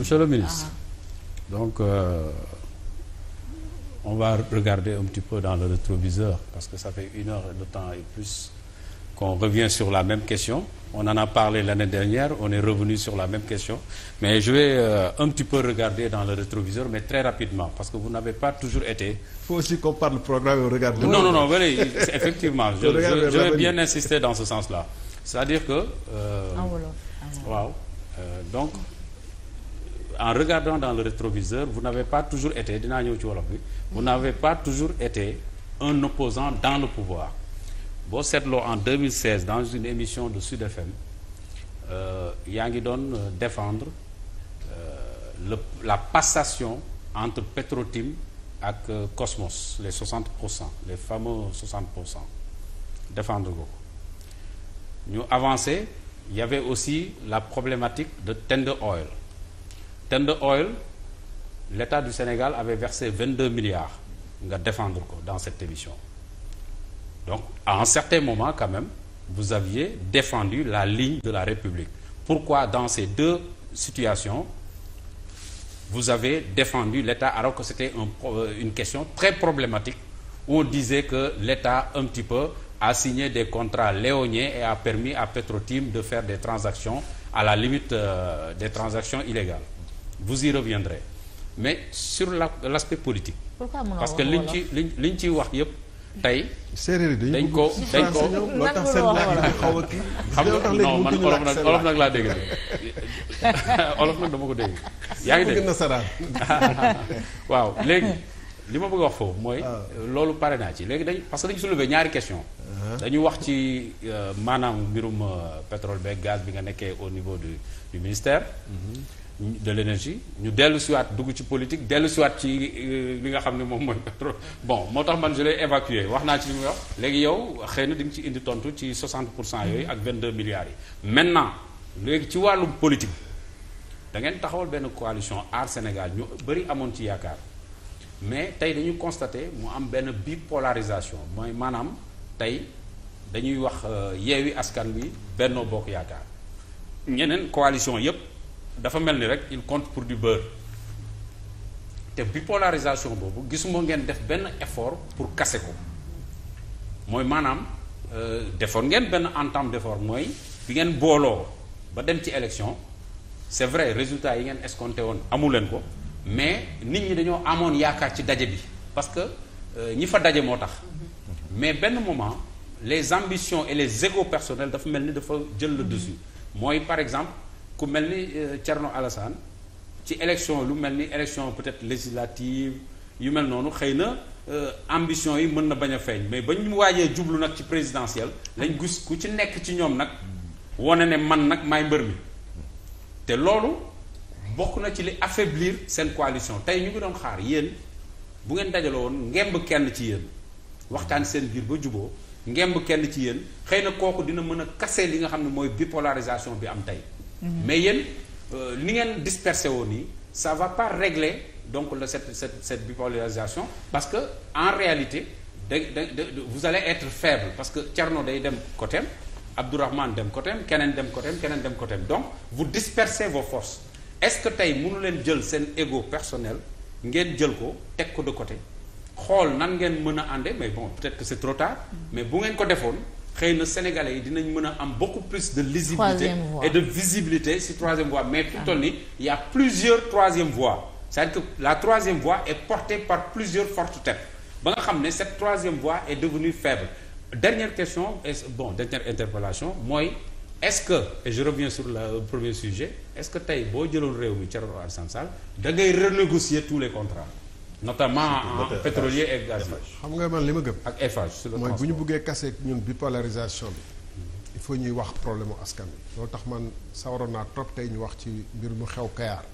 monsieur le ministre ah. donc euh, on va regarder un petit peu dans le rétroviseur parce que ça fait une heure de temps et plus qu'on revient sur la même question on en a parlé l'année dernière on est revenu sur la même question mais je vais euh, un petit peu regarder dans le rétroviseur mais très rapidement parce que vous n'avez pas toujours été faut aussi qu'on parle programme et regarde non non non effectivement dans ce sens-là c'est-à-dire que euh, voilà. Euh, donc en regardant dans le rétroviseur vous n'avez pas toujours été dinaa ñëw ci wolof bi vous n'avez pas toujours été un opposant dans le pouvoir boo seetloo en 2016 dans une émission de Sud FM euh, yaa ngi doon euh, défendre euh, la passation entre Petrotim ak euh, Cosmos les 60 pour les fameux 60 pour cent ko ñu avancé il y avait aussi la problématique de Tender Oil Tender Oil l'État du Sénégal avait versé 22 milliards nga défendre ko dans cette émission donc à un certain moment quand même vous aviez défendu la ligne de la République pourquoi dans ces deux situations vous avez défendu l'État alors que c'était un, euh, une question très problématique où on disait que l'État un petit peu a signé des contrats léoniens et a permis à Petrotim de faire des transactions à la limite euh, des transactions illégales vous y reviendrez mais sur la l' aspect politique. parce que liñ ci liñ liñ ciy wax yëpp tey. séeréer yi dañ ko dañ ko loo tax seen laaj bi nga non man olof nag laa dégg dama ko dégg. yaa ngi dégg waaw léegi li ma bëgg wax foofu mooy. Ah. loolu pare naa ci léegi dañ parce que dañu soulever ñaari question uh-huh. dañu wax ci euh, maanaam mbirum euh, petrole beeg gaz bi nga nekkee au niveau du du ministère. Mm-hmm. de l'énergie ñu dellu siwaat dugg ci politique dellu siwaat ci euh, li nga xam ne moom mooy pétrole bon moo tax man je l'ai wax naa ci li muy wax léegi yow xëy na di nga ci indi tontu ci 60 pour cent yooyu ak 22 milliards yi maintenant léegi ci wàllum politique da ngeen taxawal benn coalition aar Sénégal ñu bëri amoon ci yaakaar mais tey dañu constaté mu am benn bipolarisation mooy maanaam tey dañuy wax euh, yeewi askan wi Benno Bokk Yaakaar ñeneen coalition yépp dafa mel ni rek il compte pour du beurre te bipolarisation boobu gisuma ngeen def benn effort pour casser ko mooy maanaam euh, defoon ngeen benn entame d'effort mooy bi ngeen booloo ba dem ci élection c'est vrai résultat yi ngeen escompté woon amu leen ko mais nit ñi dañoo amoon yaakaar ci daje bi parce que euh, ñi fa daje moo tax mais benn moment les ambitions et les égos personnel dafa mel ni dafa jël le dessus mooy par exemple ku mel ni cerno euh, Alassane ci élection lu mel ni élection peut-être législative yu mel noonu xëy na euh, ambition yi mën na bañ a feeñ mais bañ mu waajee jublu nag ci présidentiel lañ gis ku ci nekk ci ñoom nag wane ne man nag may mbër mi te loolu bokk na ci li affaiblir seen coalition tey ñu ngi doon xaar yéen bu ngeen dajaloo woon ngemb kenn ci yéen waxtaan seen biir ba juboo ngemb kenn ci yéen xëy na kooku dina mën a kase li nga xam ne mooy bipolarisation bi am tey Mhm. mais yéen li euh, ngeen dispersé woon nii ça va pas régler donc le cette cette cette bipolarisation parce que en réalité de de vous allez être faible parce que Thierno day dem côté Abdourahmane dem côté keneen dem côté keneen dem côté donc vous dispersez vos forces est-ce que tey mënu leen jël seen égo personnel ngeen jël ko teg ko de côté xool nan ngeen mën a ànde mais bon peut-être que c'est trop mhm. mais bu ngeen ko defoon. xëy na sénégalais yi dinañ mën a am beaucoup plus de lisibilité et de visibilité si troisième voie mais fi toll nii y a plusieurs troisième voies c'est-à-dire que la troisième voie est portée par plusieurs fortes têtes ba nga xam ne cette troisième voie est devenue faible dernière question est bon dernière interpellation mooy est-ce que et je reviens sur le premier sujet est-ce que tey boo jëloon réew mi Thierno Alassane Sall da ngay renégocier tous les contrats notamment en pétrolier et xam nga man li ma gëm. ak Eiffage sur le mooy bu ñu buggee casser ñun bipolarisation bi. il faut ñuy wax problème mu askan bi loolu tax man sawaroon naa trop tey ñu wax ci mbir mu xew Kayar.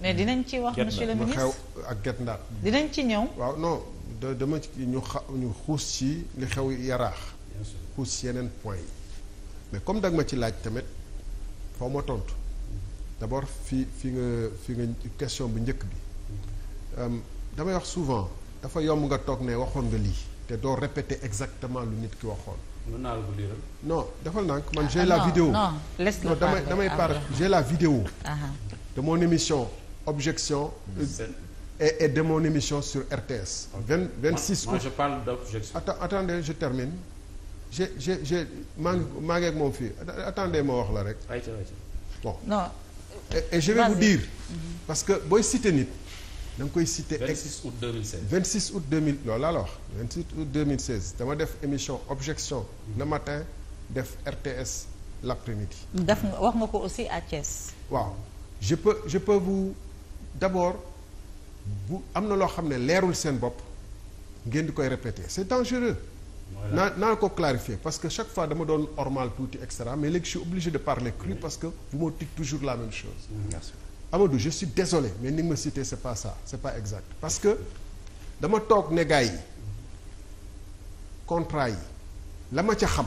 mais dinañ ci wax monsieur le ministre ak Guet Ndar. dinañ ci ñëw. waaw non da ñu xa ñu xuus ci li xew yaraax. xuus yeneen point mais comme dag ma ci laaj tamit foo ma tontu. d'abord fi fi nga fi nga question bu njëkk bi. Euh, damay wax souvent dafa yomb nga toog ne waxoon nga lii te doo répéter exactement lu nit ki waxoon. mën naa la ko defal nak man j'ai la vidéo non non damay damay par j'ai la vidéo. de mon émission objection. Euh, et et de mon émission sur RTS. vingt vingt six août moi je parle d'objection. Atta termine. j'ai j'ai j'ai maa ngi maa ngi moom fii attendez ma wax la rek. bon non. et je vais vous dire. Mm-hmm. parce que booy citer nit. da nga koy citer. 26 août 2016 26 août 2000 loolu laa la wax 26 août 2016 dama def émission objection le matin def RTS l'après-midi. def nga wax nga ko aussi à waaw je peux je peux vous d'abord bu am na loo xam ne leerul seen bopp ngeen di koy répéter c'est dangereux. naa naa ko clarifier parce que chaque fois dama doon ormal tuuti et cetera mais léegi je suis de parler cru parce que vous me dites toujours la même chose. Mmh. Amadou je suis désolé mais ni nga ma cité c'est pas ça c'est pas exact parce que dama toog ne gars yi contrat yi la ma ca xam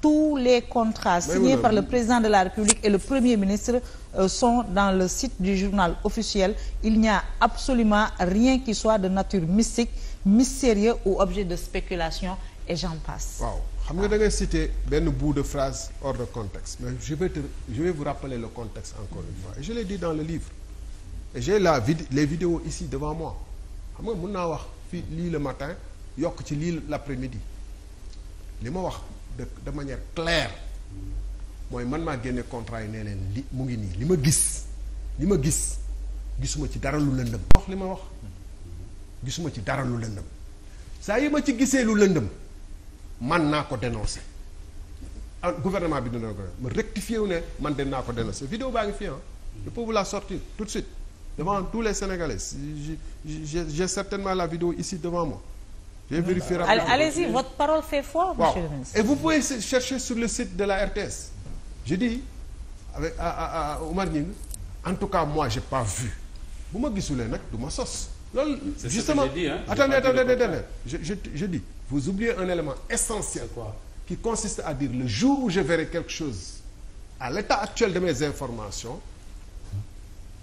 tous les contrats signés par le président de la République et le Premier ministre euh, sont dans le site du journal officiel. Il n'y a absolument rien qui soit de nature mystique, mystérieux ou objet de spéculation et j'en passe. Waaw, xam nga da ngay citer benn bout de phrase hors de contexte mais je le contexte encore une fois et l'ai dit dans le livre. Et j'ai la vid les vidéos ici devant moi. Xam nga mun na wax fii li le matin yokk ci lii l'après-midi. Li ma wax de de manière claire mooy man maa génne contrat yi nee leen li mu ngi nii li ma gis li ma gis gisuma ci dara lu lëndëm wax li ma wax gisuma ci dara lu lëndëm saa yi ma ci gisee lu lëndëm man naa ko dénoncé ah gouvernement bi dina ko ma rectifié wu ne man de naa ko dénoncé vidéo baa ngi fi ah je peux vous sortir tout de suite devant tous les Sénégalais j'ai certainement la vidéo ici devant moi j'ai vérifié rapidement. Allez-y, votre parole fait foi, monsieur le ministre. Et vous pouvez chercher sur le site de la RTS. J'ai dit avec à à à Omar Nying, en tout cas moi j'ai pas vu bu ma gisulee nag du ma sos. loolu justement c'est ce que j'ai dit, hein. attendez attendez attendez je je je dis vous oubliez un élément essentiel quoi qui consiste à dire le jour où je verrai quelque chose à l'état actuel de mes informations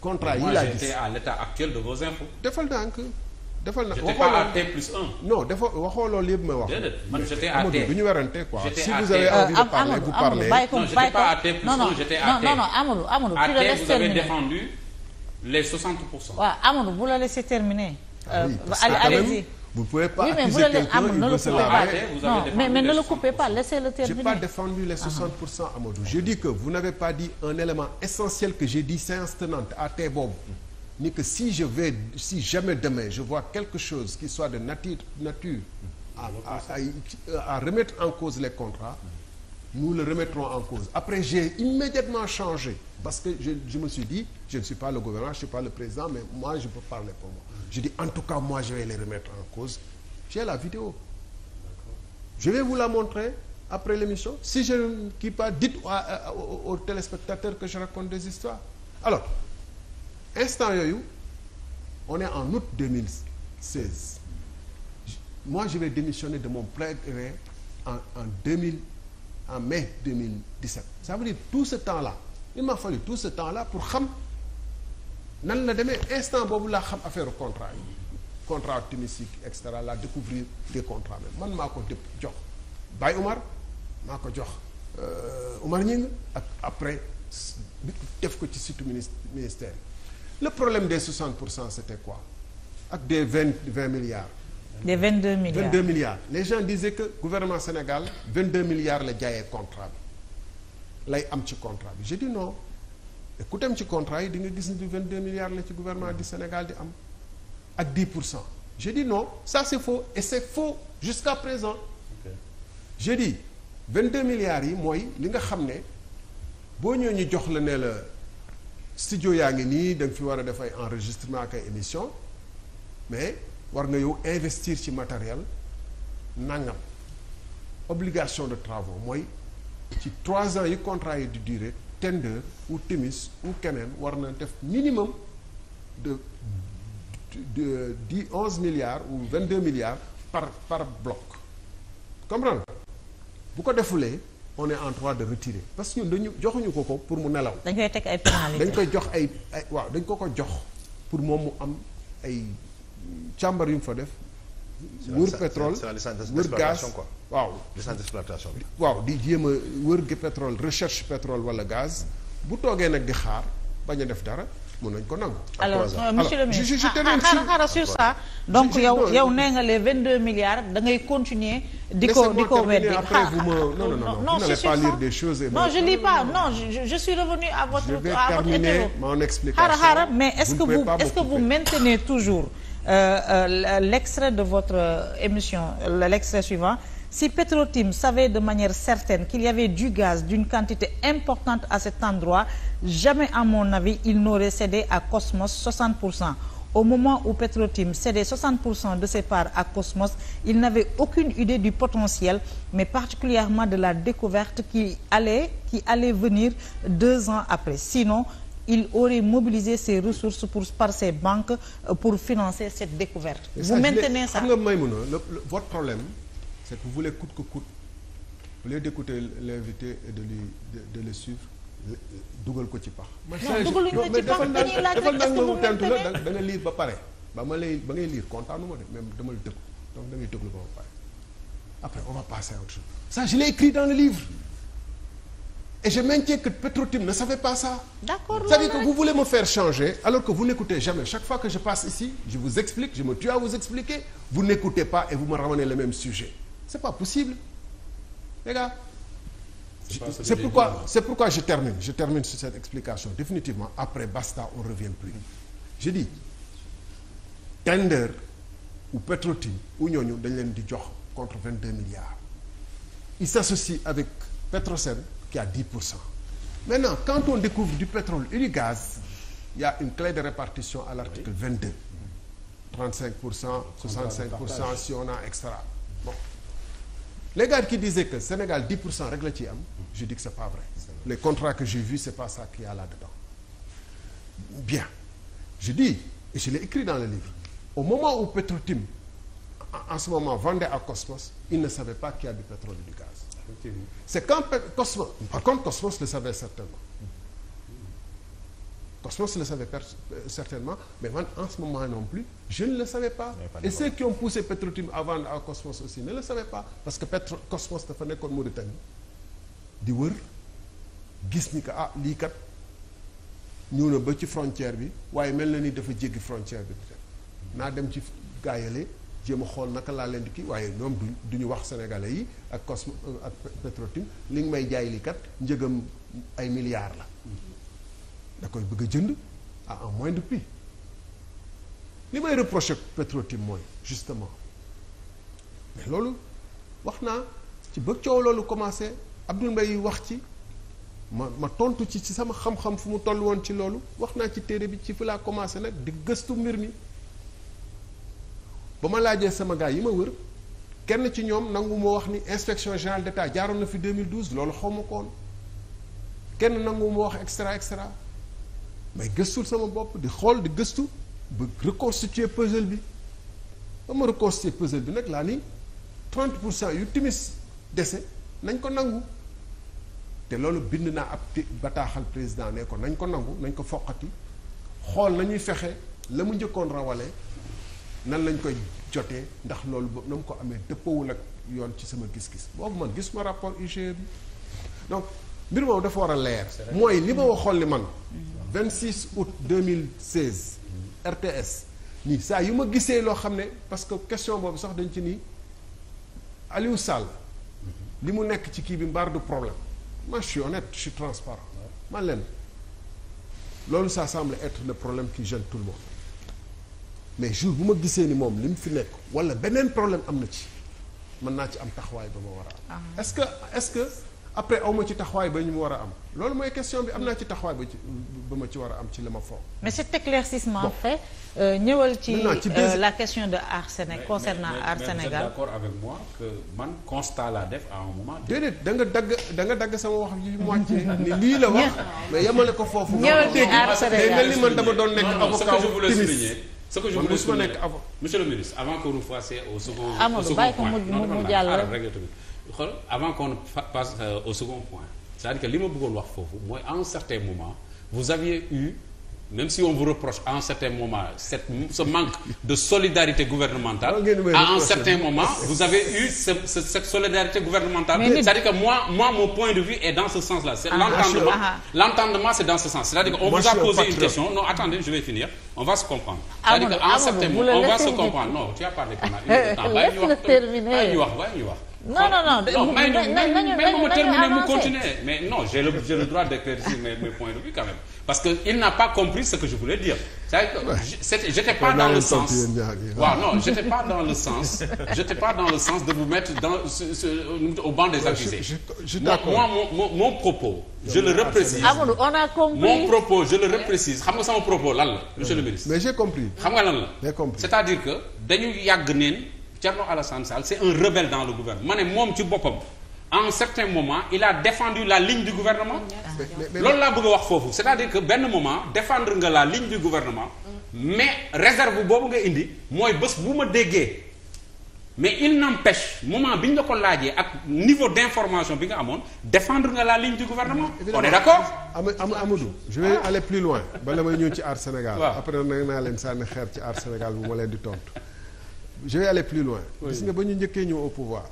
contrat yi laa gis moi j'étais à l'état actuel de vos infos. defal ndànk. defal na waxoo la j'étais pas à T plus 1. non dafa waxoo loolu yëpp ma wax. man j'étais à T du ñu werante quoi. si vous avez euh, envie de parler vous parlez. non j'étais pas à T plus 1 j'étais à T. non non Amadou vous avez défendu les 60 pour cent. vous la laissez terminer. non mais mais pas laissez-le terminer. Ah. je dis que vous n'avez pas dit un élément essentiel que j'ai dit séance tenante à T boobu. ni que si je vais si jamais demain je vois quelque chose qui soit de nature nature ah, à, à, à, remettre en cause les contrats nous le remettrons en cause après j'ai immédiatement changé parce que je, je me suis dit je ne suis pas le gouvernement je ne suis pas le président mais moi je peux parler pour moi je dis en tout cas moi je vais les remettre en cause j'ai la vidéo je vais vous la montrer après l'émission si je ne quitte pas dites euh, euh, aux, aux, que je raconte des histoires alors instant yooyu on est en août 2016 moi je vais démissionner de mon plein gré en en 2000 en mai 2017 ça veut dire tous ce temps là il m'a fallu tout ce temps là pour xam nan la demee instant boobu laa xam affaire contrat yi contrat optimistique et cetera la découvrir des contrats man maa ko dëpp jox Baye Umar maa ko jox Umar euh, Ñing ak après def ko ci site ministère le problème de 60 pour cent c'était quoi ak des vingt vingt milliards. des vingt deux milliards vingt deux milliards. les gens disaient que gouvernement Sénégal vingt deux milliards la jaaye contrat bi lay am ci contrat bi j'ai dit ku dem ci contrat yi di nga gis ni du vingt deux milliards la ci gouvernement du Sénégal di am ak dix pour cent j'ai dit non ça c'est faux et c'est faux jusqu'à présent. Okay. j'ai dit vingt milliards yi mooy li nga xam ne boo ñëwee ñu jox la ne la. studio yaa ngi nii da fi war a def ay enregistrement ak ay émission mais war nga yow investir ci matériel nangam obligation de travaux mooy ci trois ans yi contrat yi di durée tender ou timis ou keneen war na def minimum de de dix onze milliards ou vingt deux milliards par par bloc comprendre bu ko defulee on est en droit de retirer parce que ñun dañu joxuñu ko ko pour mu nelaw. dañ koy teg ay pénalité dañ koy jox ay ay waaw dañ ko ko jox pour moom mu am ay càmbar yu fa def. wër pétrole wër gaz waaw licence d'exploitation bi waaw di jéem a wër pétrole recherche pétrole wala gaz bu toogee nag di xaar bañ a def dara. mun nañ ko nangu. Euh, alors monsieur le ministre xaaral ah, ah, ah, xaaral sur yow yow nee nga les 22 milliards da ngay continuer. di ko di ko weddi non non non non c'est pas lire des choses. non je lis pas mais est que vous est-ce que vous maintenez toujours euh, euh, l'extrait de votre émission l'extrait si Petrotim savait de manière certaine qu'il y avait du gaz d'une quantité importante à cet endroit jamais à mon avis il n'aurait cédé à Cosmos pour cent au moment où Petrotim cédait 60 pour cent de ses parts à Cosmos il n'avait aucune idée du potentiel mais particulièrement de la découverte qui allait qui allait venir deux ans après sinon il aurait mobilisé ses ressources pour par ses banques euh, pour financer cette découverte. vous maintenez ça xam votre problème. c'est que vous voulez coûte que coûte au lieu d'écouter l'invité et de lui de, de le suivre dugal ko ci pax. ma dugaluñu ko ci pax dañuy laaj rek est la ñu da liir ba pare ba ma lay ba ngay liir kontaanu ma de même dama la déglu donc da ngay déglu ba ma pare après on va passer à autre chose ça je l'ai écrit dans le livre et je maintiens que Petrotim ne savait pas ça. d'accord c'est-à-dire que vous voulez me faire changer alors que vous n'écoutez jamais chaque fois que je passe ici je vous explique je me tue c'est pas possible les gars c'est pourquoi c'est pourquoi je termine je termine sur cette explication définitivement après basta on revient plus je dis dañ leen di jox contre 22 milliards avec Petrosen qui pour cent maintenant quand on découvre du pétrole et du y a une clé de répartition à l'article pour cent 65 pour cent si a extra bon les gars qui disaient que Sénégal 10 pour rek la ciy am je dis que c'est pas vrai les contrats que j'ai vus c'est pas ça qu'il a là-dedans bien je dis et je l'ai écrit dans le livre au moment où Petrotim en ce moment vendait à Cosmos il ne savait pas qu'il y a du pétrole et du gaz c'est quand Cosmos par contre Cosmos le savait certainement Cosmos le savait euh, certainement mais man en ce moment non plus je ne le savais pas. et ceux qui ont poussé Petrotim à vendre à Cosmos aussi ne le savaient pas parce que Petro Cosmos dafa nekkoon Mauritanie di wër gis ni que ah lii kat ñëw ba ci frontière bi waaye mel na ni dafa jéggi frontière bi naa dem ci gaayale jéem a xool naka laa leen di kii waaye ñoom du duñu wax sénégalais yi ak Cosmos euh, ak Petrotim li nga may jaay lii kat njëgam ay milliards la. da koy bëgg a jënd à un de prix li may reproché Petro-Tim mooy justement mais loolu wax naa ci ba coow loolu commencé Abdoul Mbaye wax ci ma ma tontu ci ci sama xam-xam fu mu toll woon ci loolu wax naa ci téere bi ci fu laa commencé nag di gëstu mbir mi ba ma laajee sama gaa yi ma wër kenn ci ñoom nangu moo wax ni inspection générale d'État jaaroon na fi 2012 loolu xaw ma koon kenn nangu moo wax extra extra mais gëstul sama bopp di xool di gëstu ba reconstituer puzzle bi ba ma reconstituer puzzle bi nag laa ni 30 pour cent yu timis dese nañ ko nangu te loolu bind naa ab bataaxal président ne ko nañ ko nangu nañ ko foqati xool nañuy fexe la mu njëkkoon rawale nan lañ koy jotee ndax loolu ba na mu ko amee dëppawul ak yoon ci sama gis-gis boobu man gis ma rapport IGE bi donc mbir moom dafa war a leer mooy li ma waxoon li man mm-hmm. 26 août 2016 RTS nii saa yu ma gisee loo xam ne parce que question boobu sax dañ ci nii Aliou Sall li mu nekk ci kii bi mbaar du problème moi je suis honnête je transparent man leen loolu ça semble être le problème qui gêne tout le monde mais jour bu ma gisee ni moom li mu fi nekk walla beneen problème am na ci mën naa ci am taxawaay ba ma war a am est ah. est après awma ci taxawaay ba ñu mu war a am loolu mooy question bi am naa ci taxawaay ba ci ba ma ci war a am ci la ma foog. mais cet éclaircissement fait euh, ñëwal ci euh, la question de Aar Sénégal concernant Aar Sénégal. mais vous êtes d'accord avec constat laa def à da nga dagg da nga dagg sama wax yi moitié ni lii la foofu. ñëwal ci doon nekk avocat timis ce que je voulais souligner monsieur bàyyi ko mu mu jàll. xool avant qu'on passe euh, au second point c'est-à-dire que li ma bëggoon wax foofu mooy à un certain moment vous aviez eu même si on vous reproche à un certain moment cette ce manque de solidarité gouvernementale à un certain moment vous avez eu cette solidarité gouvernementale c'est-à-dire que moi moi mon point de vue est dans ce sens-là c'est ah, l'entendement à dire qu'on vous a posé une question non attendez je vais finir on va se comprendre ah, c'est-à-dire qu'à un ah, certain moment non non non nañu terminer mu continuer mais non j'ai le droit d'éclaircir mes points de vue quand même parce que il n'a pas compris ce que je voulais dire c'est j'étais pas dans le sens de vous mettre dans au banc des accusés mon propos je le reprécise ah a compris mon propos je le reprécise xam propos la xam nga lan c'est-à-dire que dañu yàgg neen Thierno Alassane Sall c'est un rebelle dans le gouvernement ma ne moom ci boppam à certain moment il a défendu la ligne du gouvernement ah, loolu laa bëgg a wax foofu c'est-à-dire que benn moment défendre nga la ligne du gouvernement mais réserve boobu nga indi mooy bés bu ma déggee mais il n'empêche moment bi ñu la ko laajee ak niveau d'information bi nga amoon défendre nga la ligne du gouvernement on est d'accord Amadou je vais ah. aller plus loin bala may ñëw ci Aar Sénégal après nag naa leen sànni xeer ci Aar Sénégal bu ma di tontu je vais aller plus loin. gis nga ba ñu njëkkee ñëw au pouvoir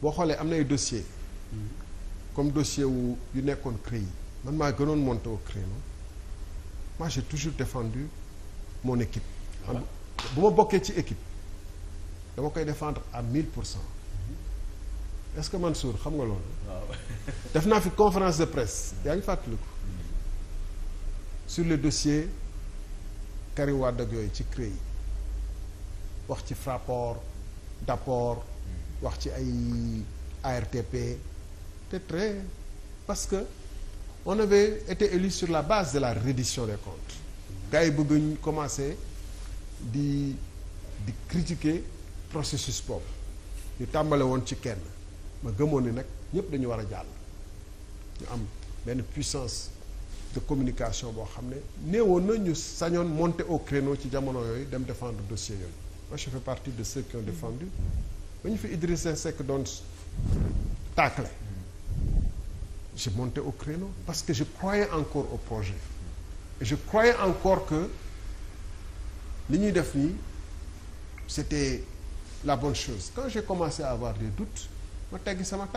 boo xoolee am na ay dossiers. Mm-hmm. comme dossier wu yu nekkoon yi man maa gënoon monté au CREI non moi j'ai toujours défendu mon équipe. bu ma bokkee ci équipe dama koy défendre à 1000 pour cent mm-hmm. est-ce que man Mansour xam nga loolu. def naa fi conférence de presse mm-hmm. yaa ngi fàttaliku. sur le dossier Karim Wade ak yooyu ci CREI. wax ci Fraport Daport wax ci ay ARTP te très parce que on avait été élu sur la base de la reddition des comptes gars yi bëgg ñu commencer di di critiquer processus boobu ñu tàmbale woon ci kenn ma gëmoon ni nag ñëpp dañu war a jàll ñu am benn puissance de communication boo xam ne néewoon na ñu sañoon monter au créneau ci jamono yooyu dem défendre dossier yooyu moi je fais partie de ceux qui ont défendu ba ñu fi Idrissa Seck doon tacler j'ai monté au créneau parce que je croyais encore au projet je croyais encore que li ñuy def nii c'était la bonne chose quand j'ai commencé à avoir des doutes ma teggi sama